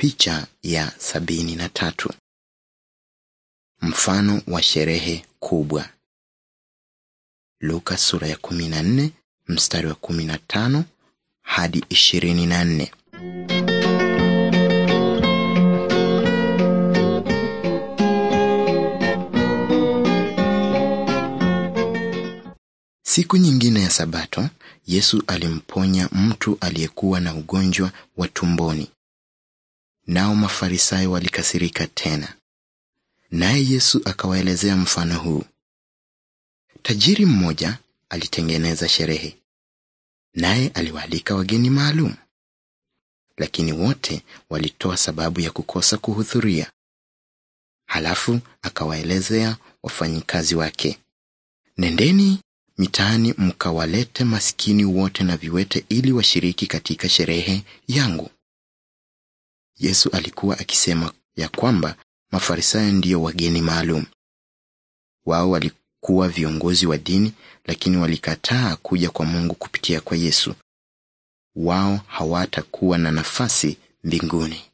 Picha ya sabini na tatu. Mfano wa sherehe kubwa. Luka sura ya kumi na nne mstari wa kumi na tano hadi ishirini na nne. Siku nyingine ya Sabato, Yesu alimponya mtu aliyekuwa na ugonjwa wa tumboni nao Mafarisayo walikasirika tena. Naye Yesu akawaelezea mfano huu: tajiri mmoja alitengeneza sherehe, naye aliwaalika wageni maalum, lakini wote walitoa sababu ya kukosa kuhudhuria. Halafu akawaelezea wafanyikazi wake, nendeni mitaani mkawalete maskini wote na viwete, ili washiriki katika sherehe yangu. Yesu alikuwa akisema ya kwamba Mafarisayo ndiyo wageni maalum. Wao walikuwa viongozi wa dini, lakini walikataa kuja kwa Mungu kupitia kwa Yesu. Wao hawatakuwa na nafasi mbinguni.